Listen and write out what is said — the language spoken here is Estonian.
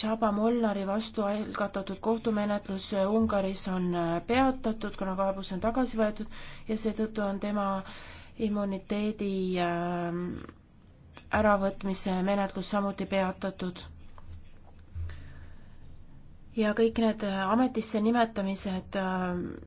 Tšaba Molnari vastu algatatud kohtumenetlus Ungaris on äh, peatatud, kuna kaebus on tagasi võetud ja seetõttu on tema immuniteedi ähm, äravõtmise menetlus samuti peatatud. ja kõik need äh, ametisse nimetamised ähm,